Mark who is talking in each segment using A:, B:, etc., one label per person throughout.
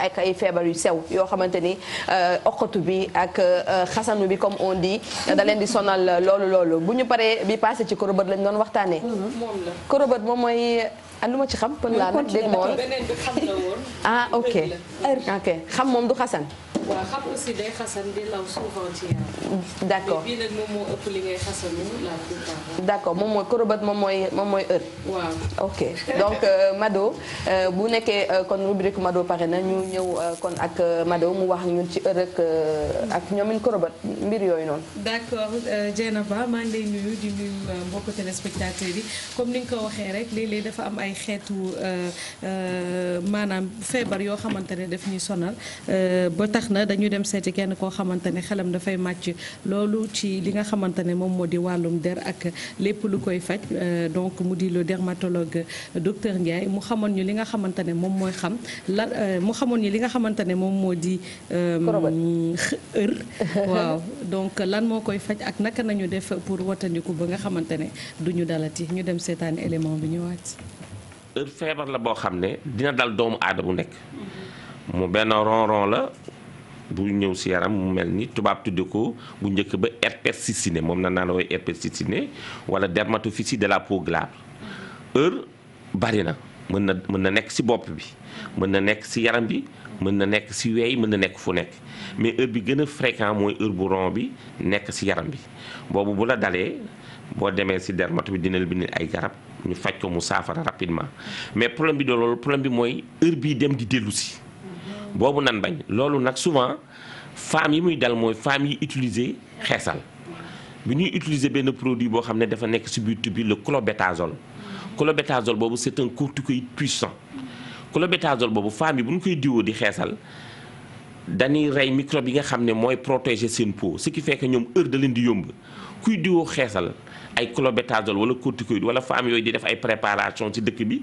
A: ak ay feebar yu sew yoo xamante ni euh, oqatu bi ak euh, xasanu bi comme on dit da leen di sonal loolu loolu bu ñu paree bi passé ci korobët lañ doon waxtaanee. Mm-hmm. korobët moom mooy. ah lu ma ci xam pël laa nag dégg ma woon ah ok ok xam moom du xasan
B: waaw xam aussi day xasan di d' accord mais bii nag moom
A: d' accord moom mooy korobat moom mooy moom mooy heure. waaw ok donc euh, Mado euh, bu nekkee euh, kon rubrique Mado pare na ñu ñëw kon ak Mado mu wax ñun ci heure ak ak ñoom in korobat mbir yooyu noonu.
B: d' accord Dieynaba maa ngi lay nuyu di nuyu mbokku téléspectateurs yi comme ni nga ko waxee rek léeg-léeg dafa am ay xeetu maanaam feebar yoo xamante ne daf ñuy sonal ba tax na. na dañu dem seeti kenn koo xamante ne xelam dafay màcc loolu ci li nga xamante ne moom moo di wàllum der ak lépp lu koy faj euh, donc mu di le dermatologue euh, docteur Ndiaye mu xamoon ñu li nga xamante ne moom mooy xam lan euh, mu xamoon ñu li nga xamante ne moom moo di ër waaw donc lan moo koy faj ak naka nañu def pour watandiku ba nga xamante ne du ñu dalati ñu dem seetaan élément bi ñëwaat
C: ër feebar la boo xam ne dina dal doomu aada bu nekk mu benn ronron la bu ñëw si yaram mu mel ni tubaab tudde ko bu njëkk ba herpesicine moom na naa naan woy herpesicine wala dermatophysie de la peau glabre heure bari na mën na mën na nekk si bopp bi mën na nekk si yaram bi mën na nekk si weey mën na nekk fu nekk mais heure bi gën a fréquent mooy heure bu rond bi nekk si yaram bi boobu bu la dalee boo demee si dermato bi dina la bind ay garab ñu faj ko mu saafara rapidement mais problème bi doo loolu problème bi mooy heure bii dem di dellu si boobu nan bañ loolu nag souvent femmes yi muy dal mooy femmes yi utiliser xeesal bi ñuy utiliser benn produit boo xam ne dafa nekk si biir tube bi le clobétazole clobétazole boobu c'est un corticoïde puissant clobétazole boobu femme yi bu ñu koy diwoo di xeesal dañuy rey microbe yi nga xam ne mooy protéger seen peau ce qui fait que ñoom heure da leen di yomb kuy diwoo xeesal ay clobétazole wala corticoïde wala femme yooyu di def ay préparation ci dëkk bi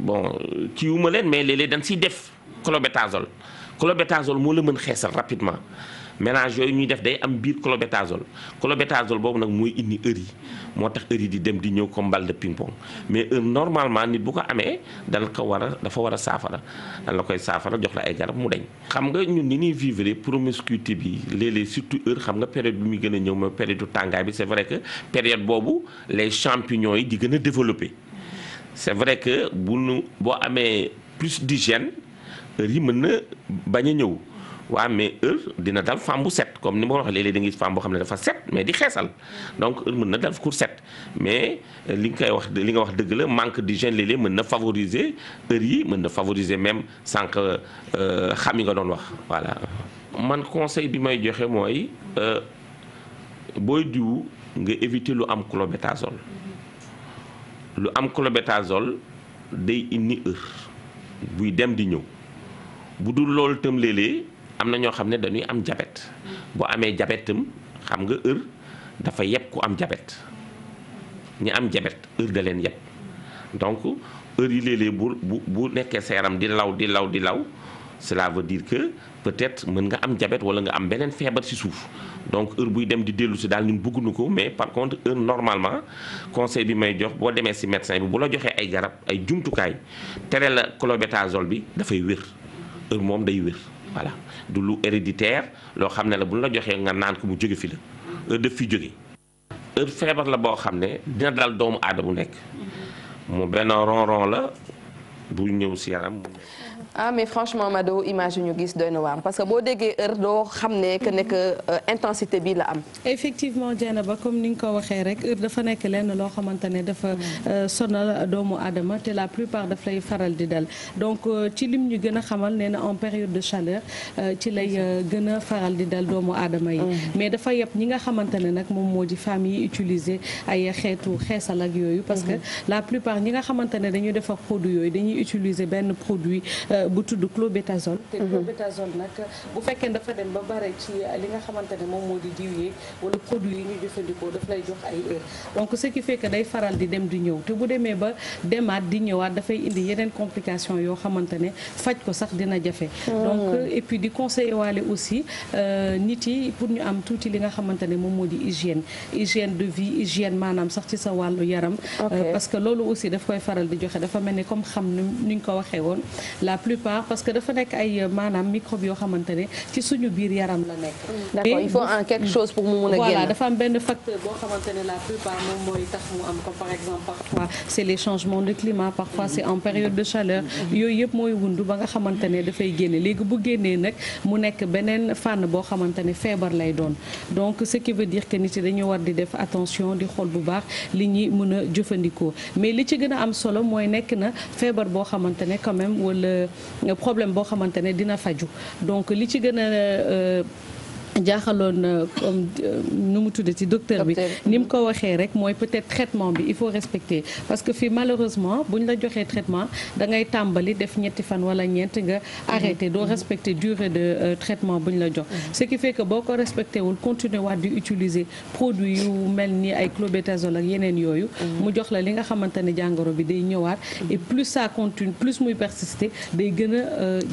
C: bon kii wuma clobétasol clobétasol moo la mën xeesal rapidement ménage yooyu ñuy def day am biir clobétasol clobétasol boobu nag mooy indi heure yi moo tax heure yi di dem di ñëw comme balle de ping pong mais heure normalement nit bu ko amee dana ko war a dafa war a saafara dan na koy saafara jox la ay garab mu deñ xam nga ñun ni ñuy vivre promiscuité bi léeg-léeg surtout heure xam nga période bi muy gën a ñëw mooy période du tàngaay bi c'est vrai que période boobu les champignons yi di gën a développé c'est vrai que bu nu boo amee plus d'hygiène heure yi mën na bañ a ñëw waaw mais heure dina dal femme bu set comme ni ma ko waxee léeg-léeg da ngay femme boo xam ne dafa set mais di xeesal donc heure mën na dal ku set mais euh, li nga koy wax li nga wax dëgg la manque d'hygiène léeg-léeg na favoriser heure yi mën na favoriser même sànq euh, xam yi nga doon wax voilà. man conseil bi may joxe mooy euh, booy diw nga éviter lu am clobétasol lu am clobétasol day indi heure buy dem di ñëw. bu dul loolu itam léeg am na ñoo xam ne dañuy am jabet boo amee jabet itam xam nga heure dafa yeb ku am jabet ñi am jabet heure da leen yeb donc heure yi léeg bu bu bu nekkee sa yaram di law di law di law cela veut dire que peut-être mën nga am jabet wala nga am beneen feebar ci suuf donc heure buy dem di dellu si daal ñun bëgguñu ko mais par contre heure normalement conseil bi may jox boo demee si médecin bi bu la joxee ay garab ay jumtukaay tere la clobétasol bi dafay wér heure moom day wér voilà du lu héréditaire loo xam ne la bu ñu la joxee nga naan ko mu jóge fi la heure def fi jóge heure feebar la boo xam ne dina dal doomu aada bu nekk mu benn ronron la bu ñëw si yaram.
A: ah mais franchement Mado image ñu gis doy na waar parce que boo déggee heure doo xam ne que nekk euh, intensité bi la am.
B: effectivement ba comme ni nga ko waxee rek heure dafa nekk lenn loo xamante ne dafa euh, sonal doomu adama te la plupart daf lay faral di dal donc euh, ci lim ñu gën a xamal nee na en période de chaleur ci lay gën a faral di dal doomu aadama yi. Mm. mais dafa yëpp ñi nga xamante ne nag moom moo di femmes yi utiliser ay xeetu xeesal ak yooyu. parce que mm-hmm. la plupart ñi nga xamante ne defar produit yooyu dañuy. dañuy utiliser benn produit euh, bu tudd clobétasol te mhm. clobétasol nag bu fekkee dafa dem ba bare ci euh, li nga xamante ne moom moo di diw yi wala produit yi ñu jëfandikoo daf lay jox ay heure donc ce qui fait day faral di dem di ñëw te bu demee ba demaat di ñëwaat dafay indi yeneen complication yoo xamante ne faj ko sax dina jafe mhm. donc et puis di conseiller waale aussi euh, nit yi pour ñu am tuuti li nga xamante ne moom moo di hygiène hygiène de vie hygiène maanaam sax ci sa wàllu yaram ni ñu ko waxee woon la plupart parce que dafa nekk ay euh, maanaam microbe yoo xamante ne ci suñu biir yaram la nekk. Mm. d'accord il faut un quelque chose
A: pour mu mun a génn. voilà dafa
B: am benn facteur boo xamante ne la plupart moom mooy tax mu am comme par exemple parfois c'est les changements de climat parfois c'est en période de chaleur yooyu yëpp mooy wundu ba nga xamante ne dafay génne léegi bu génnee nag mu nekk beneen fànn boo xamante ne feebar lay doon donc ce qui veut dire que nit yi dañu war di def di xool bu baax li ñuy mën a jëfandikoo boo xamante ne quand même wala euh, problème boo xamante ne dina faju donc li ci gën a euh, jaaxaloon na euh, euh, nu mu tuddee ci docteur bi ni mu ko waxee rek mooy peut-être traitement bi il faut respecter parce que fii malheureusement bu ñu la joxee traitement da ngay tàmbali def ñetti fan wala ñeent nga arrêté doo respecter durée de euh, traitement bu ñu la jox mm-hmm. ce qui fait boo ko respecté wul continuer waat di utiliser produit yu mel ni ay clobétasol ak yeneen yooyu mm-hmm. mu jox la li nga xamante ne jàngoro bi day ñëwaat mm-hmm. et plus ça continue plus muy persister day gën a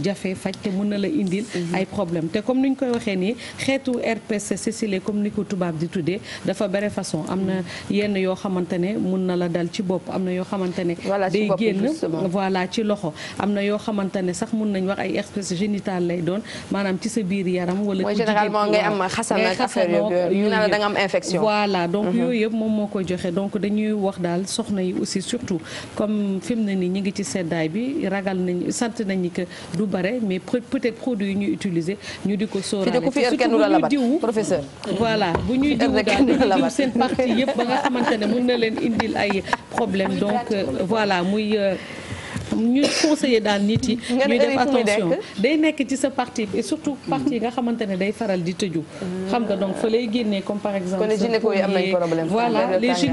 B: jafe faj mën na la indil ay problème te comme ni ñu koy waxee nii xeetu RPC sicile comme ni ko tubaab di tuddee dafa bare façon am na yenn yoo xamante ne mun na la dal ci bopp am na yoo xamante ne day génn voilà ci loxo am na yoo xamante ne sax mun nañ wax ay herpès génital lay doon maanaam ci sa biir yaram wala ci généralement ngay am xasana ak affaire yooyu ñu naan la am infection voilà donc mhm. yooyu yëpp moom moo koy joxe donc dañuy wax daal soxna yi aussi surtout comme fi mu ne nii ñu ngi ci seddaay bi ragal nañ sant nañ ni que du bare mais peut-être produit yi ñu utiliser ñu di ko sóoraale ñuy diw professeur voilà bu ñuy diw daal dañuy diw seen parti yëpp ba nga xamante ne mën na leen indil ay problème donc euh, voilà muy euh, ñu conseiller daal nit yi. def attention day nekk ci sa parti et surtout parti nga xamante day faral di tëju. xam nga donc fa lay génnee comme par exemple. kon les yi am nañ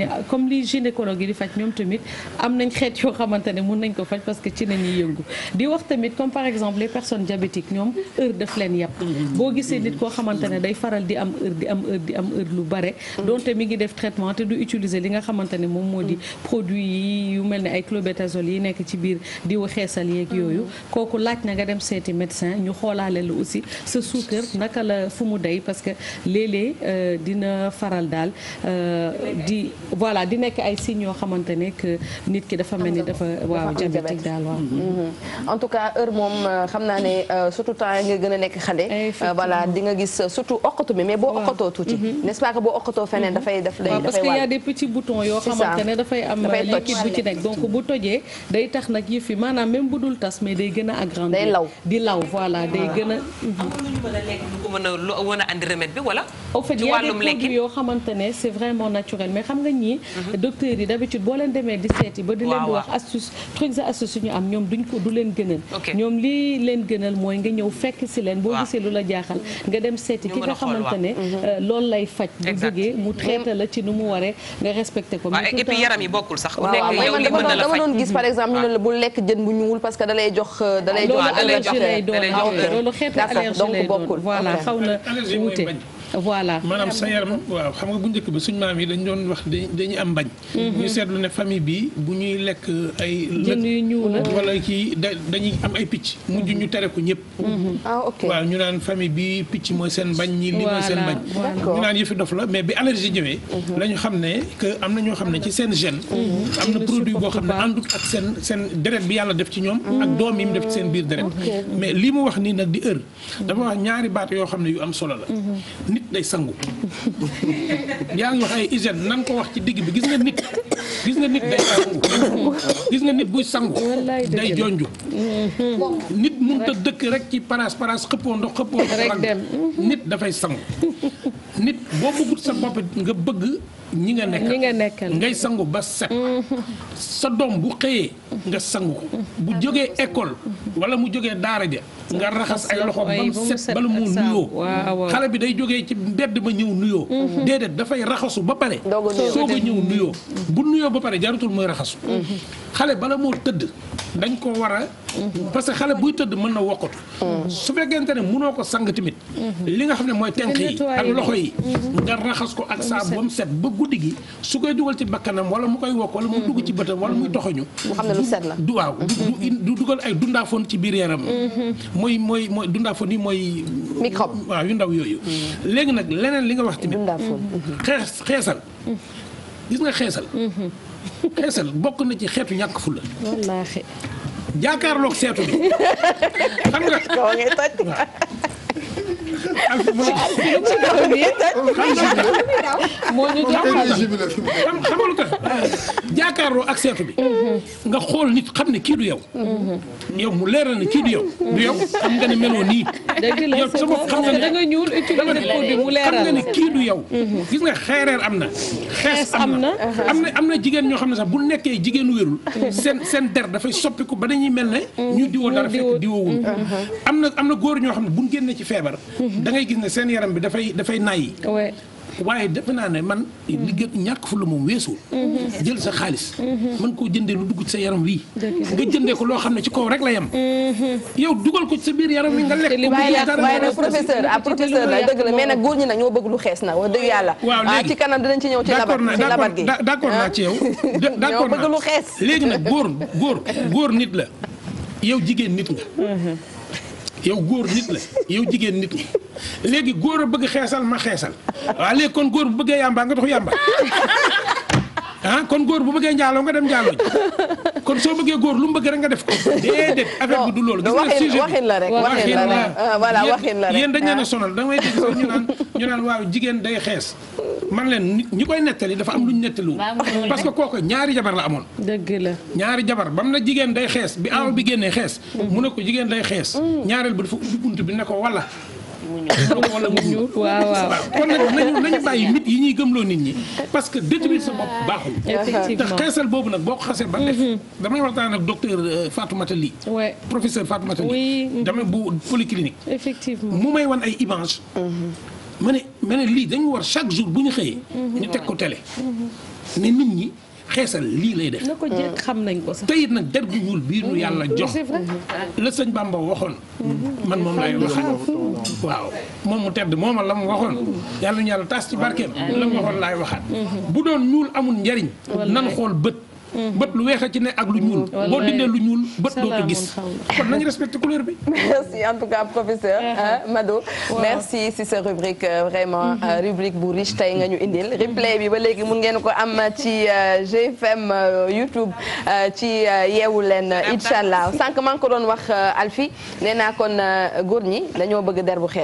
B: ne comme li gynécologue yi di faj ñoom tamit am xeet yoo xamante mun nañ ko faj parce que ci la ñuy yëngu di wax tamit comme par exemple les personnes diabétiques ñoom heure daf leen yàpp boo gisee nit koo xamante ne day faral di am heure di am heure lu bare. donte mi ngi def traitement te du utiliser li nga xamante moom moo di produit yi yu mel ne ay clobétasol yi nekk ci biir diwu xeesal yéeg yooyu kooku laaj na nga dem seeti médecin ñu xoolaale la aussi sa suukar naka la fu mu dey parce que léeg-léeg euh, dina faral daal euh, di voilà di nekk ay signes yoo xamante ne nit ki dafa mel ni dafa waaw diabétique
A: daal waaw mm-hmm. Mm-hmm. en tout cas heure moom euh, xam naa ne surtout temps nga gën a nekk xale voilà di nga gis surtout oqatu bi mais boo oqatoo tuuti mm-hmm. nest pas que boo oqatoo feneen dafay def lay dafay
B: parce que xamante ne dafay am liquide bu ci nekk donc bu tojee day tax nag yëf yi maanaam même bu dul tas mais day gën a law di law voilà day gën a lu a lekk ko mën a lu mën andi remède bi wala au fait y a des yoo xamante ne c'est vraiment naturel mais xam nga ñii mhm. docteurs yi d'habitude boo leen demee di seeti ba di leen di wax astuce trucs et ñu am ñoom duñ ko du leen gënal ñoom lii leen gënal mooy nga ñëw fekk si leen boo gisee lu la jaaxal nga dem seeti ki nga xamante ne euh, loolu lay faj bu jógee mu traité la ci nu mu
A: waree nga respecté ko et puis yaram yi bokkul sax ku na la faj dama doon gis exemple ñu ne la bu lekk jën bu ñuwul parce que dalay euh, jox da lay jox allergie lay doon loolu xeetu allergie lay doon
D: voilà xaw
B: voilà maanaam sa
D: yaram waaw xam nga bu njëkk ba suñ maam yi dañu doon wax dañu am mbañ mhm. ñu seetlu ne famille bi bu ñuy lekk ay jën yu ñuul wala kii dañuy am ay picc mhm. mujj ñu tere ko ñëpp mhm. ah, waaw ñu naan famille bi picc mooy seen mbañ ñi li mooy seen mbañ ñu naan yëfi dof la mais bi allergie ñëwee la ñu xam ne que am na ñoo xam ne ci seen gène am na produit boo xam ne àndut ak seen seen deret bi yàlla def ci ñoom ak doom yi mu def ci seen biir deret mais li mu wax nii nag di heure dafa wax ñaari xam ne yu am solo nit day sangu yaa ngi wax ay hygiène nan ko wax ci digg bi gis nga nit gis nga nit nga nit buy sangu day jonju nit mënta dëkk rek ci paras paras xëppoo ndox xëppoo nit dafay sangu nit boo bëggut sa bopp nga bëgg ñi nga nekkal ngay sangu ba set sa doom bu xëyee nga sangu bu jógee école wala mu jógee daara ja nga raxas ay loxo ba mu set bala moo
B: nuyoo xale
D: bi day jógee ci mbedd ba ñëw nuyoo mhm. déedéet dafay raxasu ba pare soog a ñëw nuyoo mhm. bu nuyoo ba pare jarutul mooy raxasu mhm. xale bala moo tëdd dañ ko war a parce que xale buy tëdd mën na wokkatu su fekkente ne mënoo ko sang tamit li nga xam ne mooy tenq yi ak loxo yi nga raxas ko ak saabu ba mu set ba guddi gi su koy dugal ci bakkanam wala mu koy wokk wala mu dugg ci bëtam wala muy toxoñu mu xam ne lu set la du waaw du dugal ay dundaafoon ci biir yaram mooy mooy mooy dundaafon yi mooy. microbe waaw yu ndaw yooyu. Mm. léegi nag leneen li nga wax tamit. dundaafon mm-hmm. xees xeesal. Mm-hmm. gis nga xeesal. Mm-hmm. xeesal bokk na ci xeetu ñàkk fulla. wallaahi. jaakaarloog seetu bi xam nga.
B: ci kaw nii moo ñu xam nga
D: lu tax jàkkaarloo ak seetu bi nga xool nit xam ne kii du yow yow mu leeral ne kii du yow du yow xam nga ne meloo nii dëgg la c'est bon xam nga da nga ñuul utiliser produit mu leeral xam ne kii du yow. Mhm. gis nga xeereer am na. xees am na am na am na jigéen ñoo xam ne sax bu nekkee jigéenu wérul. seen seen der dafay soppiku ba dañuy mel ne. Mhm. ñu diwoo dara fekk diwoowul. Mhm. am na am na góor ñoo xam ne bu ñu génnee ci feebar. da ngay gis ne seen yaram bi dafay dafay nay. waaye defe naa ne man. liggéey ñàkk fu la moom weesuul mhm. jël sa xaalis. mën mhm. koo jëndee lu dugg sa yaram wii.
B: nga jëndee ko loo xam ne ci kaw rek la yem.
D: Mhm. yow dugal ko ci sa biir yaram wi nga lekk. waaye nag professeur ah professeur la dëgg la mais nag
A: góor ñi nag ñoo bëgg lu xees na wax dëgg yàlla. waaw ah, léegi ci kanam dinañ ci ñëw ci labat ci labat gi. d'
D: accord naa ci yow. Ah. ñoo bëgg lu xees léegi nag góor góor góor nit la yow jigéen nit nga. yow góor nit la yow jigéen nit nga léegi góor a bëgg xeesal ma xeesal waaw léegi kon góor bu bëggee yàmbaa nga dox yàmbaa ah kon góor bu bëggee njaaloo nga dem njaaloo kon soo bëggee góor lu mu bëgg rek nga def ko déedéet affaire bi du loolu gis nga sujet waxin la rek waxin la voilà waxin la ah, yéen dañ leen ah. da ngay dégg sax ñu naan ñu waaw jigéen day xees man leen ñi koy nettali dafa am lu ñu nettaliwul parce que kooku ñaari jabar la amoon dëgg la ñaari jabar bam na jigéen day xees bi mm. aaw bi génnee xees mm. mu ne ko jigéen day xees mm. ñaareel ba dafa ubbi bunt bi ne ko wala mu ñuul wala mu waaw waaw kon nag nañu bàyyi mit yi ñuy gëmloo nit ñi parce que détruire sa bopp baaxul effectivement te xeesal boobu nag boo ko xasee ba def mhm. damay waxtaan ak docteur euh, Fatoumata Ly professeur Fatoumata Ly mhm. damay bu polyclinique mu may wan ay images mhm. ma ne ma ne lii dañu war chaque jour bu ñu xëyee ñu teg ko télé ne nit xeesal lii lay def. na ko jéeg xam ko sax. te it nag der gu ñuul bii nu yàlla mm-hmm. jox. la sëñ Bamba waxoon. Mm-hmm. man moom laay waxaat. Mm-hmm. waaw moom mu tedd mooma la mu waxoon. yàlla ñu yàlla taas ci barkeem. la mu waxoon laay waxaat. bu doon ñuul amul njariñ nan xool bët. Mm-hmm. bët lu weex a ci ne ak lu ñuul. Mm-hmm. boo dindee lu
A: ñuul bët doo gis. kon nañu respecté couleur bi. merci en tout cas uh-huh. Mado merci si sa rubrique euh, vraiment mm-hmm. euh, rubrique bu riche tey nga ñu indil. replay bi ba léegi mun ngeen ko am ci euh, GFM YouTube ci yeewu leen incha allah sànq maa ngi ko doon wax Alfi nee naa kon góor ñi dañoo bëgg der bu xeet.